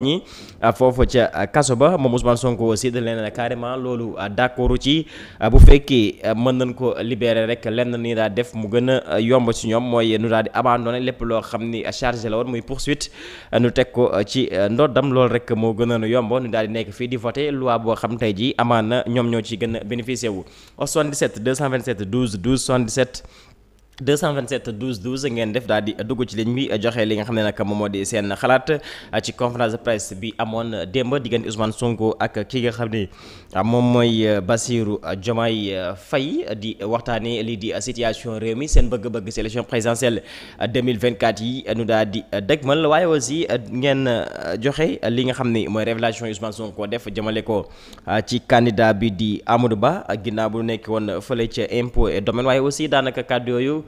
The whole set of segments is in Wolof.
ñi ah, foofu ca ah, kaso ba moom Ousmane Sonko aussi da leen carrément loolu ah, d'accord ci bu fekkee mën nañ ko libérer rek lenn ni daal def mu gën a yomb ci ñoom mooy nu daal di abandonné lépp loo xam ni chargé la woon muy poursuite nu teg ko ci ndoddam loolu rek moo gën a yomb nu daal di nekk fii di voter loi boo xam tey jii amaan na ñoom ñoo ci gën a bénéficier wu 77 227 12 227 12 12 ngeen def daal di dugg ci ligne bi joxe li nga xam ne nag moom moo di seen xalaat ci conférence de presse bi amoon démb diggante Ousmane Sonko ak ki nga xam ne moom mooy Bassirou Diomaye fay di waxtaanee lii di situation réew mi seen bëgg-bëgg ci élection présidentielle 2024 yi nu daal di dëgmal waaye aussi ngeen joxe li nga xam ne mooy révélation Ousmane Sonko def jëmale ko ci candidat bi di Amadou Ba ginnaaw bu nekk woon fële ca impo et domaine waaye aussi daanaka kàddu yooyu.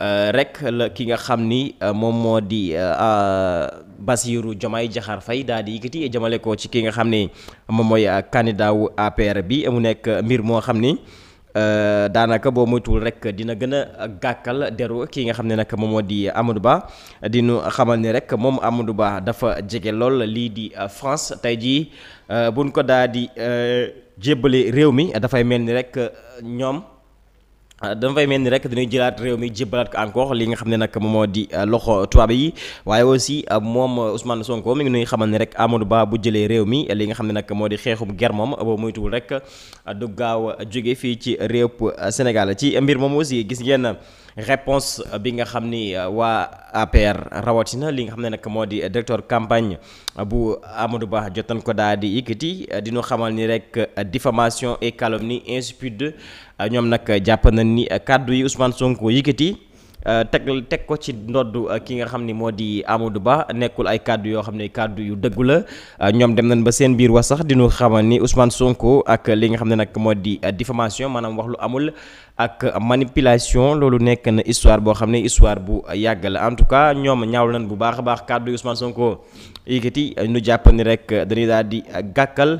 Euh, rek la ki nga xam ni euh, moom moo di euh, Bassirou Diomaye Diakhar fay daal di yëkkati jëmale ko ci ki nga xam ni moom mooy candidat wu APR bi mu nekk mbir moo xam ni daanaka boo moytuwul rek dina gën a gàkkal deru ki nga xam ne nag moom moo di Amadou Ba di nu xamal ni rek moom Amadou Ba dafa jege lool lii di France tey jii buñ ko daal di jébbale réew mi dafay mel ni rek ñoom. dama fay mel ni rek dañuy jëlaat réew mi jébbalaat ko encore li nga xam ne nag moom moo di euh, loxo tubaab yi waaye aussi euh, moom euh, Ousmane Sonko mi ngi nuy xamal ne rek Amadou Ba bu jëlee réew mi li nga xam ne nag moo di xeexum ger moom boo moytuwul rek du gaaw a jóge fii ci réew Sénégal ci mbir moom aussi gis ngeen. réponse bi nga xam ni euh, waa APR rawatina li nga xam ne nag moo di directeur campagne bu Amadou Ba jotoon ko daal di yëkkati euh, di xamal ni rek euh, diffamation et calomnie insupude ñoom nag jàpp nañ ni kàddu yi Ousmane Sonko yëkkati. Euh, teg teg ko ci ndoddu euh, ki nga xam ni moo di Amadou Ba nekkul ay kàddu yoo xam ne kàddu yu dëggu la euh, ñoom dem nañ ba seen biir wax sax dinu xamal ni Ousmane Sonko ak li nga xam ne nag moo di diffamation maanaam wax lu amul ak manipulation loolu nekk na histoire boo xam ne histoire bu yàgg la en tout cas ñoom ñaaw nañ bu baax a baax kàddu yi Ousmane Sonko yëkkati ñu jàpp ni rek dañuy daal di gàkkal.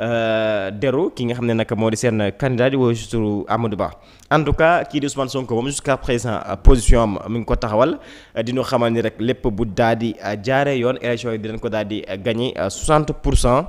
Euh, deru ki nga xam ne nag moo di seen candidat di woo surtout Amadou Ba en tout cas kii di Ousmane Sonko moom jusqu'à présent euh, position am mi ngi ko taxawal euh, diñu xamal ni rek lépp bu daal di jaaree yoon élection yi dinañ ko daal di gagné 60 pour cent.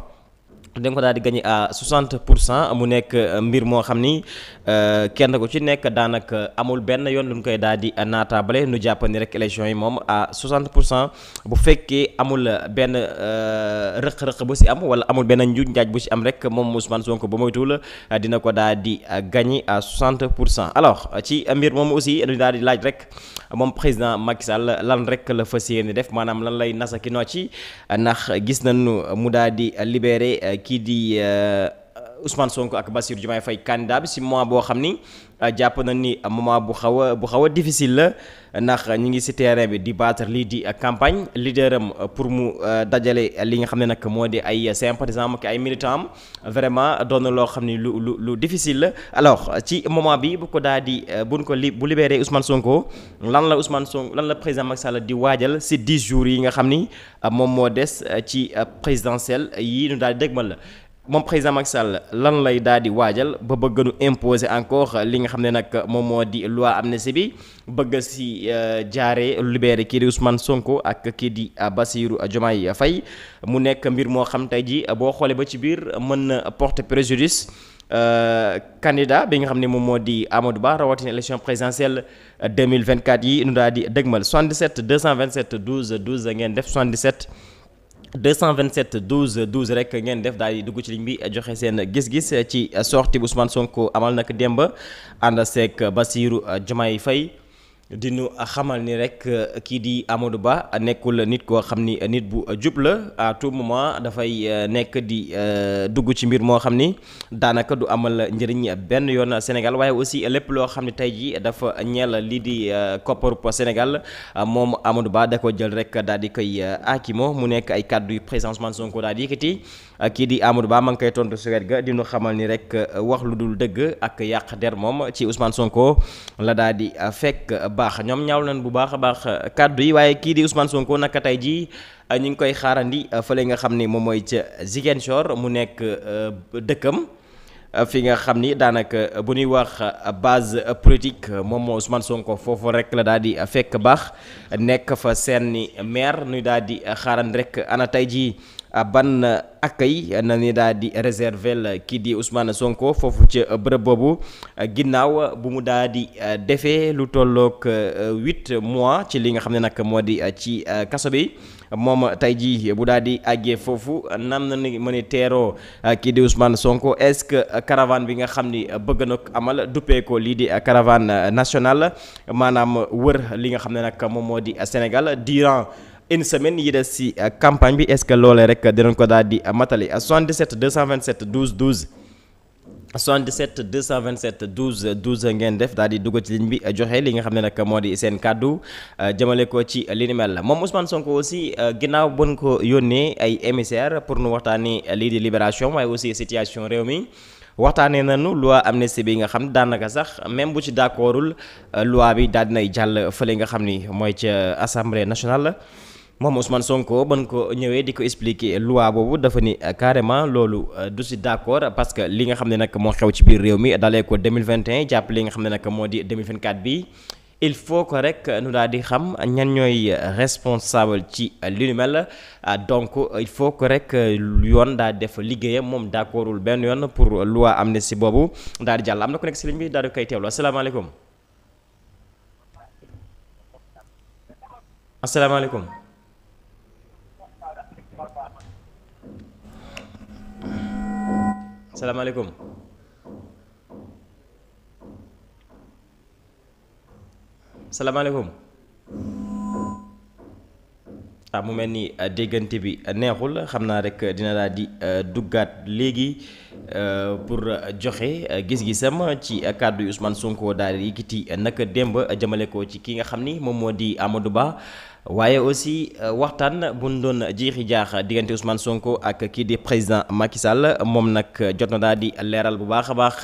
da ko daal di gagné à 60 pour cent mu nekk euh, mbir moo xam ni euh, kenn ku ci nekk daanaka amul benn yoon lu ñu koy daal di naataabale nu jàpp ni rek élection yi moom à 60 pour cent bu fekkee amul benn euh, rëq-rëq bu si am wala amul benn njuuj njaaj bu si am rek moom Ousmane Sonko ba moytuwul dina ko daal di gagné à 60 pour cent alors ci mbir moom aussi daal di laaj rek moom président Macky Sall lan rek la fas yéene def maanaam lan lay nasa ki noo ci ndax gis na nañu mu daal di libéré. kii di euh, Ousmane Sonko ak Bassirou Diomaye fay candidat bi si moment boo xam ni euh, jàpp na ni euh, moment bu xaw a bu xaw a difficile la ndax ñi ngi si terrain bi di battre lii di euh, campagne leader am pour mu dajale li nga xam ne nag moo di ay sympathisants ak ay militants am vraiment doon na loo xam ni lu lu lu difficile la alors ci moment bi bu ko daal di buñ ko li bu libéré usman Sonko lan la Ousmane Sonko lan la président Macky Sall di waajal si 10 jours yi nga xam ni moom moo des ci présidentielle yi ñu daal di la. moom président Macky Sall lan lay daal di waajal ba bëgg nu imposer encore li nga xam ne nag moom moo di loi amnistie bi bëgg si euh, jaare libéré kii di Ousmane Sonko ak kii di euh, Bassirou Diomaye Faye mu nekk mbir moo xam tey ji boo xoolee ba ci biir mën na porter préjudice euh, candidat bi nga xam ne moom moo di Amadou Ba rawatina élection présidentielle 2024 yi nu daal di dëgmal 77 227 12 12 ngeen def 77 227 12 12 rek ngeen def daal di dugg ci ligne bi joxe seen gis-gis ci sortie bu Ousmane Sonko amal na nag démb ànd seeg Bassirou Diomaye fay di nu xamal ni rek euh, kii di Amadou Ba nekkul nit koo xam ni nit bu jub la à tout moment dafay euh, nekk di euh, dugg ci mbir moo xam ni daanaka du amal njëriñ benn yoon Sénégal waaye aussi lépp loo xam ne tey jii dafa ñela lii di kopparu Sénégal moom Amadou Ba da ko jël rek daal di koy akimo mu nekk ay kàddu yu président Ousmane Sonko di yëkkati kii di Amadou Ba ma ngi koy tontu si wet ga di xamal ni rek uh, wax lu dul dëgg ak yàq der moom ci usman Sonko la daa di uh, fekk baax ñoom ñaaw nañ bu baax a baax uh, kàddu yi waaye kii di usman Sonko naka tey jii ñu ngi koy xaarandi fële nga xam ni moom mooy ca Ziguinchor mu nekk dëkkam. fi nga xam ni daanaka bu ñuy wax base politique moom moo Ousmane Sonko foofu rek la daal di fekk baax nekk fa seen maire nuy daal di xaaran rek ana tey jii Ah, ban accueil ah, ah, na ni daal di réserver kii di Ousmane Sonko foofu ci bërëb boobu ginnaaw bu mu daal di defee lu tollook huit mois ci li nga xam ne nag moo di ci kaso bi moom tey jii bu daal di àggee foofu nan na ni mën a teeroo kii di Ousmane Sonko est-ce que caravane bi nga xam ne bëgg na ko amal duppee ko lii di caravane nationale maanaam wër li nga xam ne nag moom moo di Sénégal durant une semaine yi des ci euh, campagne bi est-ce que loolee rek dinañ ko daal di matali 77 227 12 12 77 227 12 12 ngeen def daal di dugg ci ligne bi joxe li nga xam ne nag moo di seen kàddu euh, jëmale ko ci li la mel moom Ousmane Sonko aussi euh, ginnaaw bën ko yónnee ay émissaires pour nu waxtaanee lii di libération waaye aussi situation réew mi. waxtaanee nañu loi amnistie bi nga xam daanaka sax même bu ci d'accordul loi bi daal dinay jàll fële nga xam ni mooy ca assemblée nationale. moom Ousmane Sonko ban ko ñëwee di ko expliquer loi boobu dafa ni euh, carrément loolu euh, du si d'accord parce que li nga xam ne nag moo xew ci biir réew mi dalee ko 2021 jàpp li nga xam ne nag moo di 2024 bi il faut que rek nu daal di xam ñan ñooy responsable ci euh, li nu mel donc il faut que rek yoon daa def liggéeyam moom d'accordul benn yoon pour am ne si boobu daal jàll am na ko nekk si ligne bi daal di koy teewlu asalaamaaleykum asalaamaaleykum salaamaaleykum salaamaaleykum ah mu mel ni ah, déggante bi ah, neexul xam naa rekk ah, dina daal di duggaat léegi Euh, pour euh, joxe euh, gis-gisam ci kàddu Ousmane Sonko daal di yëkkati naka démb jëmale ko ci ki nga xam ni moom moo di Amadou Ba waaye aussi waxtaan bu ñu doon jiixi jaax diggante Ousmane Sonko ak kii di président Macky Sall moom nag jot na daal di leeral bu baax a baax.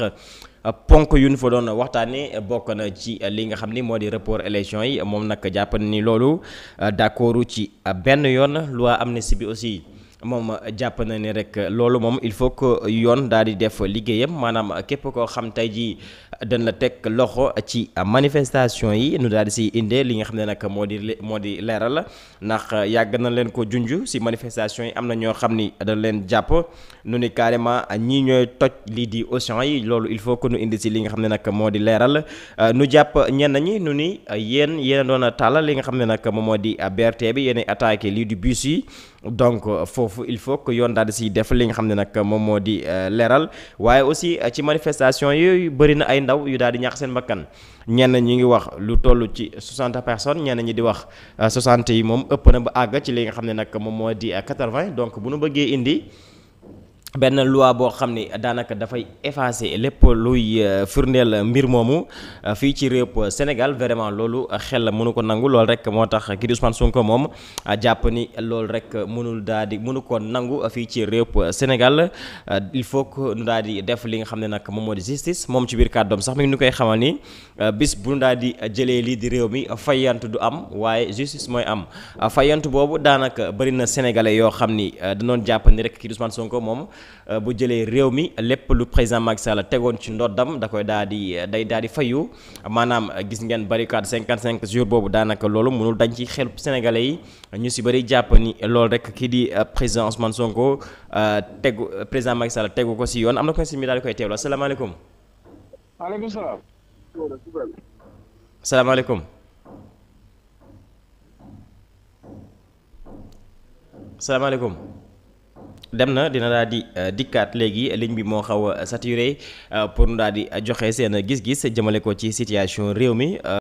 ponk yu nu fa doon waxtaanee bokk na ci li nga xam ni moo di report élection yi moom nag jàpp ni loolu d'accord ci benn yoon loi amnistie bi aussi. moom jàpp na ni rek loolu moom il faut que yoon daal di def liggéeyam maanaam képp koo xam tey jii dañ la teg loxo ci manifestation yi nu daal di siy indee li nga xam ne nag moo di moo di leeral ndax yàgg na leen ko junj si manifestation yi am na ñoo xam ni dañ leen jàpp nu ni carrément ñii ñooy toj lii di Auchan yi loolu il faut que nu indi si li nga xam ne nag moo di leeral nu jàpp ñenn ñi nu ni yéen yéen a doon tàllal li nga xam ne nag moom moo di BRT bi yéen attaque lii di bus yi donc foofu foofu il faut que yoon daal di siy def li nga xam ne nag moom moo di euh, leeral waaye aussi euh, ci manifestation yooyu bëri na ay ndaw yu daal di ñàkk seen bakkan ñenn ñi ngi wax lu toll ci 60 personnes ñenn ñi di wax 60 euh, yi moom ëpp na ba àgg ci li nga xam ne nag moom moo di 80 donc bu nu bëggee indi. benn loi boo xam ne daanaka dafay effacer lépp luy euh, firndeel mbir moomu euh, fii ci réew Sénégal vraiment loolu xel mënu ko nangu loolu rek moo tax kii di Ousmane Sonko moom euh, jàpp ni loolu rek mënul daal di mënu ko nangu fii ci réew Sénégal il faut que daal di def li nga xam ne nag moom moo di justice moom ci biir kàddoom sax mi koy xamal ni bis bu daal di jëlee lii di réew mi fayantu du am waaye justice mooy am fayantu boobu daanaka bëri na sénégalais yoo xam ni danoon jàpp ni rek kii moom. Euh, bu jëlee réew mi lépp lu président Macky la tegoon ci ndoddam da koy daal di euh, day daal di fayu maanaam euh, gis ngeen barricade 55 jour boobu daanaka loolu mënul dañ ci xel sénégalais yi ñu si bari jàpp ni loolu rek kii di président Ousmane Sonko tegu président Macky Sall tegu ko si yoon am na ko si mi daal di koy teewlu asalaamaaleykum. maaleykum salaam. asalaamaaleykum. dem na dina daal di euh, dikkaat léegi ligne bi moo xaw a saturé euh, pour nu daal di joxe seen gis-gis jëmale ko ci situation réew mi. Euh.